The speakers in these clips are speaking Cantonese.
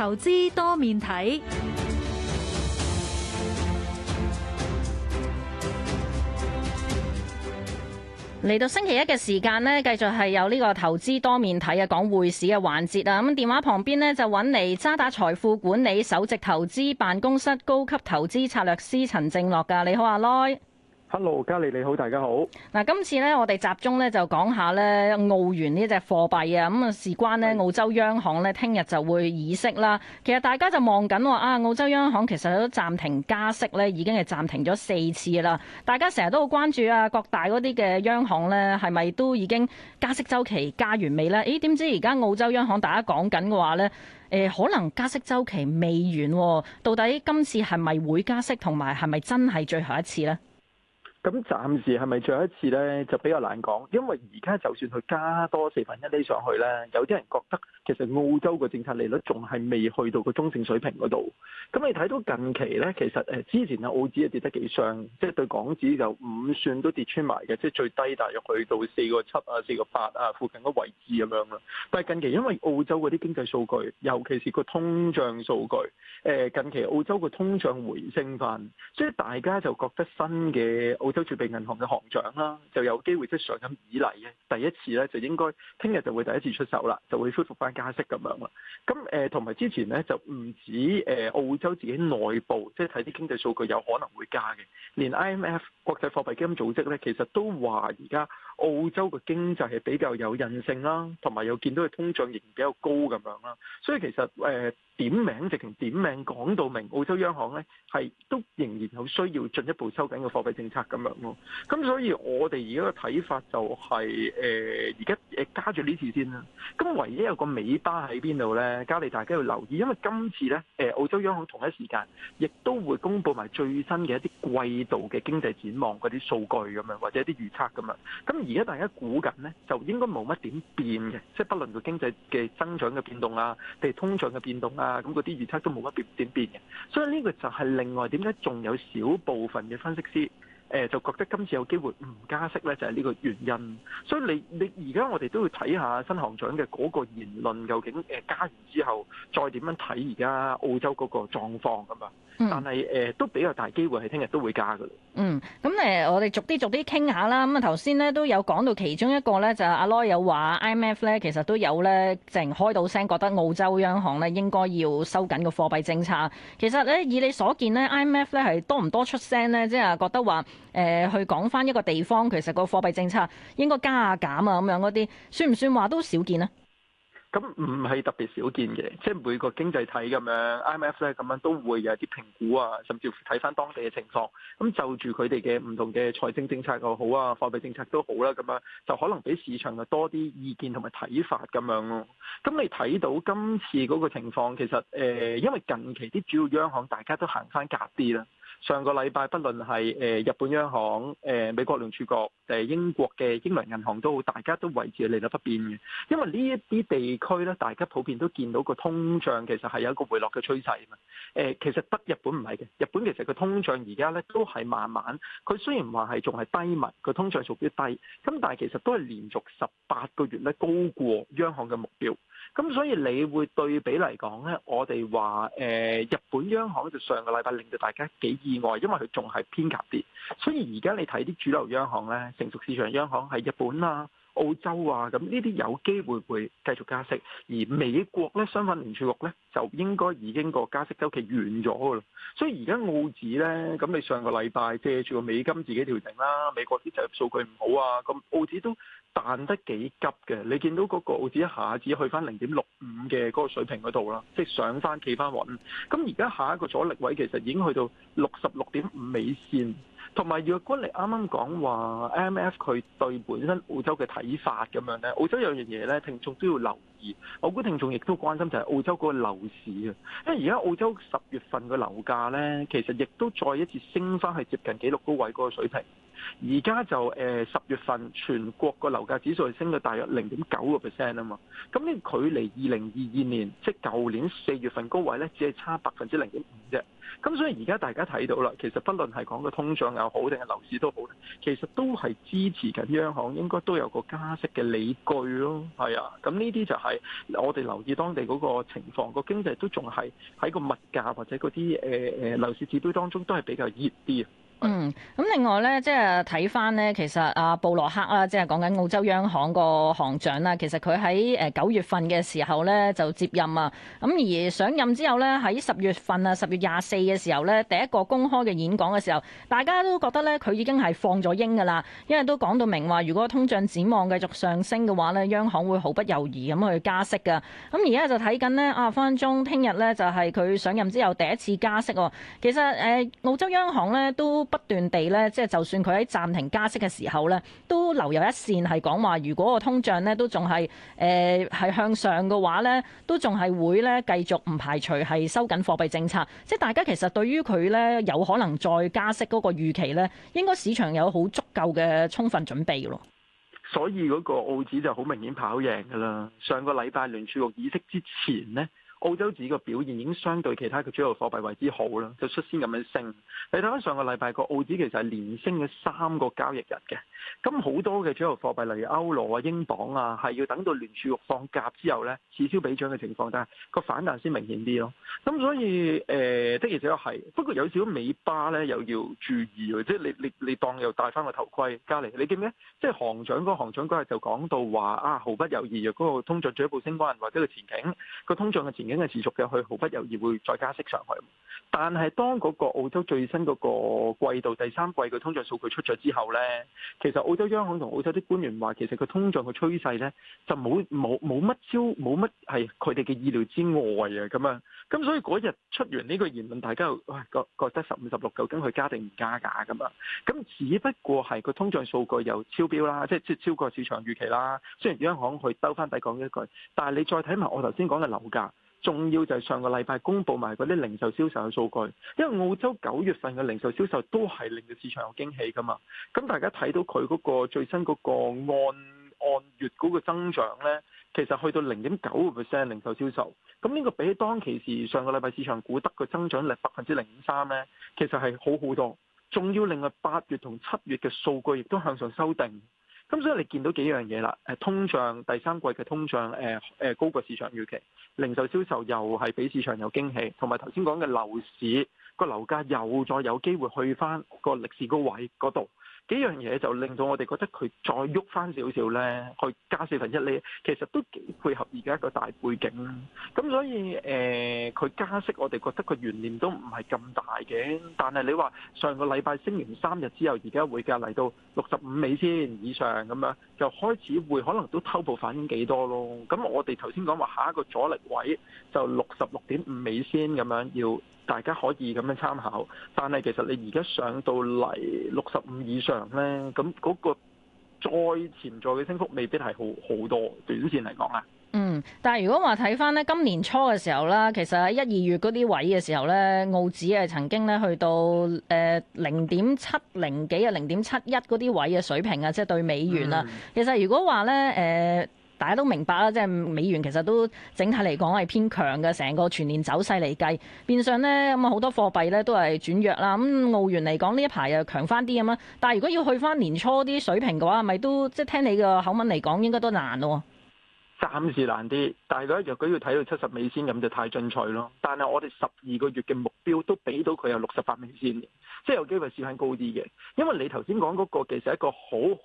投資多面睇，嚟到星期一嘅時間呢，繼續係有呢個投資多面睇啊，講匯市嘅環節啊。咁電話旁邊呢，就揾嚟渣打財富管理首席投資辦公室高級投資策略師陳正犖噶，你好阿奶。hello，嘉莉你好，大家好。嗱，今次咧，我哋集中咧就講下咧澳元呢隻貨幣啊。咁啊，事關呢，澳洲央行咧聽日就會議息啦。其實大家就望緊喎啊，澳洲央行其實都暫停加息咧，已經係暫停咗四次啦。大家成日都好關注啊，各大嗰啲嘅央行咧係咪都已經加息周期加完未咧？咦，點知而家澳洲央行大家講緊嘅話咧，誒，可能加息周期未完，到底今次係咪會加息，同埋係咪真係最後一次咧？咁暫時係咪最後一次呢？就比較難講，因為而家就算佢加多四分一厘上去呢，有啲人覺得其實澳洲個政策利率仲係未去到個中性水平嗰度。咁你睇到近期呢，其實誒之前啊，澳紙啊跌得幾傷，即係對港紙就五算都跌穿埋嘅，即係最低大約去到四個七啊、四個八啊附近嘅位置咁樣啦。但係近期因為澳洲嗰啲經濟數據，尤其是個通脹數據，誒近期澳洲個通脹回升翻，所以大家就覺得新嘅澳澳洲儲備銀行嘅行長啦，就有機會即係上任以嚟嘅第一次咧，就應該聽日就會第一次出手啦，就會恢復翻加息咁樣啦。咁誒，同埋之前咧，就唔止誒、呃，澳洲自己內部，即係睇啲經濟數據有可能會加嘅。連 IMF 國際貨幣基金組織咧，其實都話而家澳洲嘅經濟係比較有韌性啦，同埋又見到佢通脹仍然比較高咁樣啦。所以其實誒、呃，點名直情點名講到明，澳洲央行咧係都仍然有需要進一步收緊嘅貨幣政策咁。咁所以我哋而家嘅睇法就係、是、誒，而家誒加住呢次先啦。咁唯一有個尾巴喺邊度呢？加你大家要留意，因為今次咧誒、呃，澳洲央行同一時間亦都會公布埋最新嘅一啲季度嘅經濟展望嗰啲數據咁樣，或者一啲預測咁樣。咁而家大家估緊呢，就應該冇乜點變嘅，即係不論個經濟嘅增長嘅變動啊，定通脹嘅變動啊，咁嗰啲預測都冇乜點點變嘅。所以呢個就係另外點解仲有小部分嘅分析師。誒就覺得今次有機會唔加息呢，就係呢個原因。所以你，你而家我哋都要睇下新行長嘅嗰個言論，究竟誒加完之後再點樣睇而家澳洲嗰個狀況㗎嘛？但係誒、呃、都比較大機會係聽日都會加嘅。嗯，咁誒我哋逐啲逐啲傾下啦。咁啊頭先咧都有講到其中一個咧就係阿 Lo 有話 IMF 咧其實都有咧淨開到聲，覺得澳洲央行咧應該要收緊個貨幣政策。其實咧以你所見咧 IMF 咧係多唔多出聲咧？即係覺得話誒、呃、去講翻一個地方，其實個貨幣政策應該加啊減啊咁樣嗰啲，算唔算話都少見呢？咁唔係特別少見嘅，即係每個經濟體咁樣，IMF 咧咁樣都會有啲評估啊，甚至乎睇翻當地嘅情況。咁就住佢哋嘅唔同嘅財政政策又好啊，貨幣政策都好啦、啊，咁啊就可能俾市場啊多啲意見同埋睇法咁樣咯、啊。咁你睇到今次嗰個情況，其實誒、呃，因為近期啲主要央行大家都行翻鴿啲啦。上個禮拜，不論係誒日本央行、誒美國聯儲局、誒英國嘅英倫銀行都，都大家都維持利率不變嘅，因為呢啲地區咧，大家普遍都見到個通脹其實係有一個回落嘅趨勢嘛。其實得日本唔係嘅，日本其實個通脹而家咧都係慢慢，佢雖然話係仲係低迷，佢通脹仲要低，咁但係其實都係連續十八個月咧高過央行嘅目標。咁所以你會對比嚟講咧，我哋話誒日本央行就上個禮拜令到大家幾意外，因為佢仲係偏鴿啲。所以而家你睇啲主流央行咧，成熟市場央行係日本啦。澳洲啊，咁呢啲有機會會繼續加息，而美國咧，相反聯儲局咧就應該已經個加息周期完咗噶啦。所以而家澳紙咧，咁你上個禮拜借住個美金自己調整啦，美國啲就業數據唔好啊，咁澳紙都彈得幾急嘅。你見到嗰個澳紙一下子去翻零點六五嘅嗰個水平嗰度啦，即係上翻企翻穩。咁而家下一個阻力位其實已經去到六十六點五美線。同埋若果你啱啱講話 IMF 佢對本身澳洲嘅睇法咁樣呢？澳洲有樣嘢呢，聽眾都要留意。我估聽眾亦都關心就係澳洲嗰個樓市啊，因為而家澳洲十月份嘅樓價呢，其實亦都再一次升翻去接近紀錄高位嗰個水平。而家就誒十月份全國個樓價指數升到大約零點九個 percent 啊嘛，咁呢距離二零二二年即係舊年四月份高位咧，只係差百分之零點五啫。咁所以而家大家睇到啦，其實不論係講個通脹又好，定係樓市都好，其實都係支持緊央行應該都有個加息嘅理據咯。係啊，咁呢啲就係我哋留意當地嗰個情況，個經濟都仲係喺個物價或者嗰啲誒誒樓市指標當中都係比較熱啲。嗯，咁另外咧，即係睇翻呢，其實阿、啊、布羅克啦，即係講緊澳洲央行個行長啦。其實佢喺誒九月份嘅時候咧就接任啊。咁而上任之後呢，喺十月份啊，十月廿四嘅時候呢，第一個公開嘅演講嘅時候，大家都覺得呢，佢已經係放咗鷹噶啦，因為都講到明話，如果通脹展望繼續上升嘅話呢，央行會毫不猶豫咁去加息噶。咁而家就睇緊呢啊，分分鐘聽日呢，就係、是、佢上任之後第一次加息、哦。其實誒、呃、澳洲央行呢都，不斷地咧，即係就算佢喺暫停加息嘅時候咧，都留有一線係講話，如果個通脹咧都仲係誒係向上嘅話咧，都仲係會咧繼續唔排除係收緊貨幣政策。即係大家其實對於佢咧有可能再加息嗰個預期咧，應該市場有好足夠嘅充分準備咯。所以嗰個澳紙就好明顯跑贏㗎喇。上個禮拜聯儲局議息之前咧。澳洲紙嘅表現已經相對其他嘅主流貨幣為之好啦，就率先咁樣升。你睇翻上個禮拜個澳紙其實係連升咗三個交易日嘅。咁好多嘅主流貨幣，例如歐羅啊、英鎊啊，係要等到聯儲放鴿之後咧，此消彼長嘅情況下，個反彈先明顯啲咯。咁所以誒、呃，的而且確係，不過有少少尾巴咧，又要注意即係、就是、你你你當又戴翻個頭盔，隔籬。你記唔記得？即、就、係、是、行長嗰行長嗰日就講到話啊，毫不猶豫嘅嗰個通脹進一步升溫或者個前景、那個通脹嘅前景。咁嘅持續嘅，佢毫不猶豫會再加息上去。但係當嗰個澳洲最新嗰個季度第三季嘅通脹數據出咗之後呢，其實澳洲央行同澳洲啲官員話，其實個通脹嘅趨勢呢，就冇冇冇乜超冇乜係佢哋嘅意料之外啊咁啊。咁所以嗰日出完呢個言論，大家又覺得十五十六究竟佢加定唔加價咁啊？咁只不過係個通脹數據又超標啦，即係即係超過市場預期啦。雖然央行去兜翻底講一句，但係你再睇埋我頭先講嘅樓價。重要就係上個禮拜公布埋嗰啲零售銷售嘅數據，因為澳洲九月份嘅零售銷售都係令到市場有驚喜㗎嘛。咁大家睇到佢嗰個最新嗰個按按月嗰個增長呢，其實去到零點九個 percent 零售銷售。咁呢個比起當其時上個禮拜市場估得個增長率百分之零點三呢，其實係好好多。仲要另外八月同七月嘅數據亦都向上修訂。咁所以你見到幾樣嘢啦，誒通脹第三季嘅通脹誒誒，呃呃、高過市場預期，零售銷售又係畀市場有驚喜，同埋頭先講嘅樓市個樓價又再有機會去返個歷史高位嗰度，幾樣嘢就令到我哋覺得佢再喐翻少少呢，去加四分一厘，其實都幾配合而家一個大背景。咁所以誒，佢、呃、加息我哋覺得佢懸念都唔係咁大嘅。但係你話上個禮拜升完三日之後，而家會㗎嚟到六十五美仙以上咁樣，就開始會可能都偷步反應幾多咯。咁我哋頭先講話下一個阻力位就六十六點五美仙咁樣要。大家可以咁樣參考，但係其實你而家上到嚟六十五以上咧，咁嗰個再潛在嘅升幅未必係好好多，短線嚟講咧。嗯，但係如果話睇翻咧，今年初嘅時候啦，其實喺一二月嗰啲位嘅時候咧，澳紙係曾經咧去到誒零點七零幾啊、零點七一嗰啲位嘅水平啊，即係對美元啦。嗯，其實如果話咧，誒，呃。大家都明白啦，即係美元其實都整體嚟講係偏強嘅，成個全年走勢嚟計，變相咧咁啊好多貨幣咧都係轉弱啦。咁澳元嚟講呢一排又強翻啲咁啊，但係如果要去翻年初啲水平嘅話，係咪都即係聽你嘅口吻嚟講，應該都難咯。暫時難啲，但係若果佢要睇到七十美仙咁就太進取咯。但係我哋十二個月嘅目標都俾到佢有六十八美仙，即係有機會市況高啲嘅。因為你頭先講嗰個其實一個好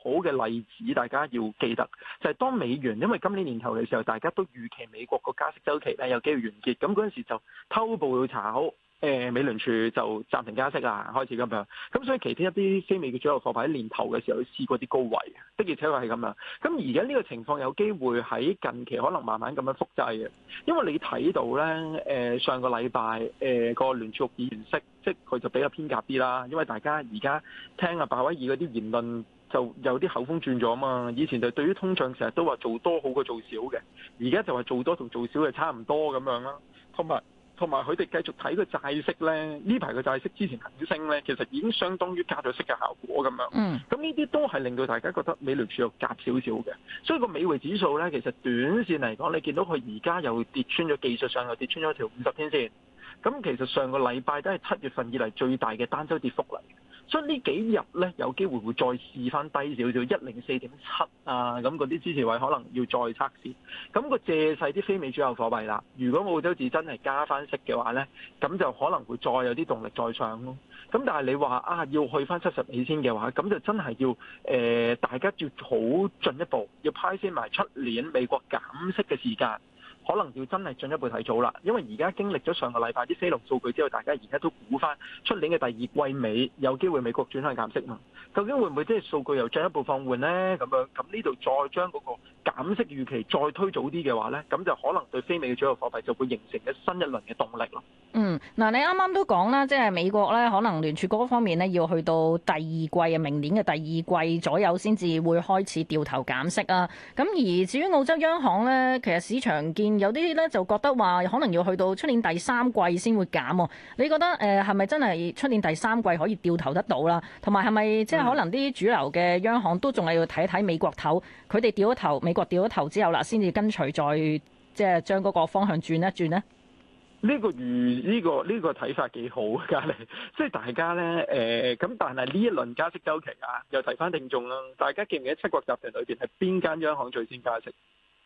好嘅例子，大家要記得就係當美元因為今年年頭嘅時候大家都預期美國個加息週期咧有機會完結，咁嗰陣時就偷步去炒。誒美聯儲就暫停加息啊，開始咁樣，咁所以其他一啲非美嘅主流貨幣喺年頭嘅時候，試過啲高位，的而且確係咁樣。咁而家呢個情況有機會喺近期可能慢慢咁樣複製嘅，因為你睇到咧，誒、呃、上個禮拜誒個、呃、聯儲局議息，即係佢就比較偏鴿啲啦，因為大家而家聽阿鮑威爾嗰啲言論，就有啲口風轉咗嘛。以前就對於通脹成日都話做多好過做少嘅，而家就話做多同做少係差唔多咁樣啦，同埋。同埋佢哋繼續睇個債息咧，呢排個債息之前肯升咧，其實已經相當於加咗息嘅效果咁樣。嗯。咁呢啲都係令到大家覺得美聯儲又夾少少嘅。所以個美匯指數咧，其實短線嚟講，你見到佢而家又跌穿咗，技術上又跌穿咗條五十天線。咁其實上個禮拜都係七月份以嚟最大嘅單週跌幅啦。所以幾呢幾日呢，有機會會再試翻低少少，一零四點七啊，咁嗰啲支持位可能要再測試。咁個借勢啲非美主要貨幣啦。如果澳洲紙真係加翻息嘅話呢，咁就可能會再有啲動力再上咯。咁但係你話啊，要去翻七十幾仙嘅話，咁就真係要誒，大家要好進一步，要派先埋出年美國減息嘅時間。可能要真係進一步睇早啦，因為而家經歷咗上個禮拜啲 C 六數據之後，大家而家都估翻出年嘅第二季尾有機會美國轉向減息嘛？究竟會唔會即係數據又進一步放緩呢？咁樣咁呢度再將嗰、嗰個。減息預期再推早啲嘅話呢，咁就、嗯、可能對非美嘅主要貨幣就會形成一新一輪嘅動力咯。嗯，嗱，你啱啱都講啦，即係美國呢，可能聯儲局方面呢，要去到第二季啊，明年嘅第二季左右先至會開始掉頭減息啊。咁而至於澳洲央行呢，其實市場見有啲呢，就覺得話可能要去到出年第三季先會減喎。你覺得誒係咪真係出年第三季可以掉頭得到啦？同埋係咪即係可能啲主流嘅央行都仲係要睇睇美國頭，佢哋掉咗頭國掉咗頭之後啦，先至跟隨再即係將嗰個方向轉一轉呢。呢、這個如呢、這個呢個睇法幾好噶，即係 大家呢，誒、呃、咁。但係呢一輪加息周期啊，又提翻定重啦。大家記唔記得？七國集團裏邊係邊間央行最先加息？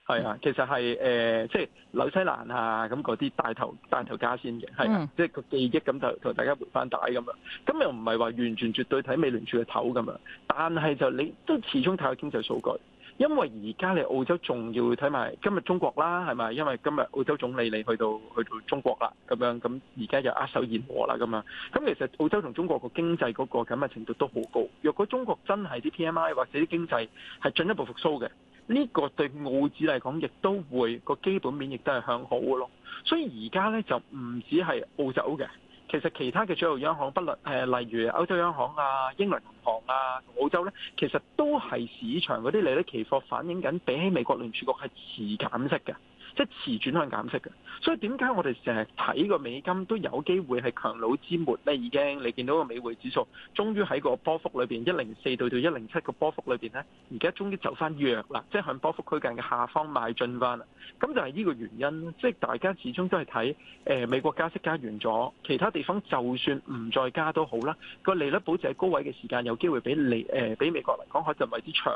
係啊，其實係誒即係紐西蘭啊咁嗰啲帶頭帶頭加先嘅，係即係個記憶咁就同大家回翻帶咁啦。咁又唔係話完全絕對睇美聯儲嘅頭咁啦，但係就你都始終睇個經濟數據。因為而家你澳洲仲要睇埋今日中國啦，係咪？因為今日澳洲總理你去到去到中國啦，咁樣咁而家就握手言和啦，咁樣。咁其實澳洲同中國個經濟嗰個緊密程度都好高。若果中國真係啲 PMI 或者啲經濟係進一步復甦嘅，呢個對澳紙嚟講亦都會個基本面亦都係向好嘅咯。所以而家呢，就唔止係澳洲嘅。其實其他嘅主要央行不論誒，例如歐洲央行啊、英倫銀行啊、澳洲咧，其實都係市場嗰啲利率期貨反映緊，比起美國聯儲局係遲減息嘅。即係遲轉向減息嘅，所以點解我哋成日睇個美金都有機會係強弩之末呢？已經你見到個美匯指數終於喺個波幅裏邊一零四到到一零七個波幅裏邊呢，而家終於走翻弱啦，即係向波幅區間嘅下方邁進翻啦。咁就係呢個原因，即係大家始終都係睇誒美國加息加完咗，其他地方就算唔再加都好啦，個利率保持喺高位嘅時間有機會比美誒、呃、比美國嚟講就唔係咁長。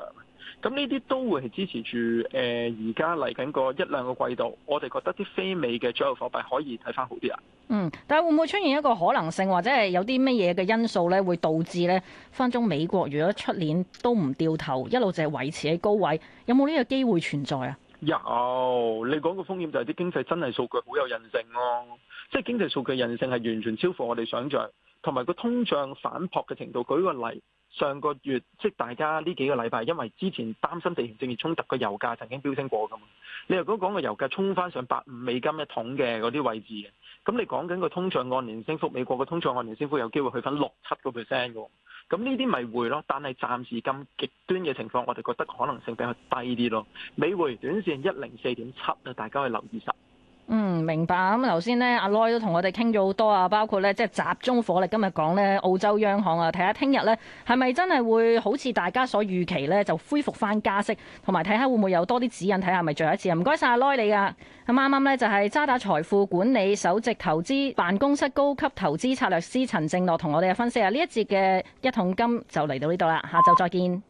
咁呢啲都會係支持住誒而家嚟緊個一兩個季度，我哋覺得啲非美嘅主要貨幣可以睇翻好啲啊！嗯，但係會唔會出現一個可能性，或者係有啲乜嘢嘅因素咧，會導致咧分鐘美國如果出年都唔掉頭，一路就係維持喺高位，有冇呢個機會存在啊？有，你講個風險就係啲經濟真係數據好有韌性咯、啊，即、就、係、是、經濟數據韌性係完全超乎我哋想象，同埋個通脹反撲嘅程度。舉個例。上個月即係大家呢幾個禮拜，因為之前擔心地緣政治衝突，個油價曾經飆升過噶嘛，你如果講個油價衝翻上百五美金一桶嘅嗰啲位置嘅，咁你講緊個通脹按年升幅，美國個通脹按年升幅有機會去翻六七個 percent 嘅，咁呢啲咪會咯，但係暫時咁極端嘅情況，我哋覺得可能性比較低啲咯。美匯短線一零四點七啊，大家去留意下。嗯，明白。咁頭先呢，阿 Loy 都同我哋傾咗好多啊，包括呢，即係集中火力。今日講呢澳洲央行啊，睇下聽日呢，係咪真係會好似大家所預期呢，就恢復翻加息，同埋睇下會唔會有多啲指引，睇下係咪最後一次啊。唔該晒阿 Loy 你㗎，咁啱啱呢，就係渣打財富管理首席投資辦公室高級投資策略師陳正犖同我哋嘅分析啊。呢一節嘅一桶金就嚟到呢度啦，下晝再見。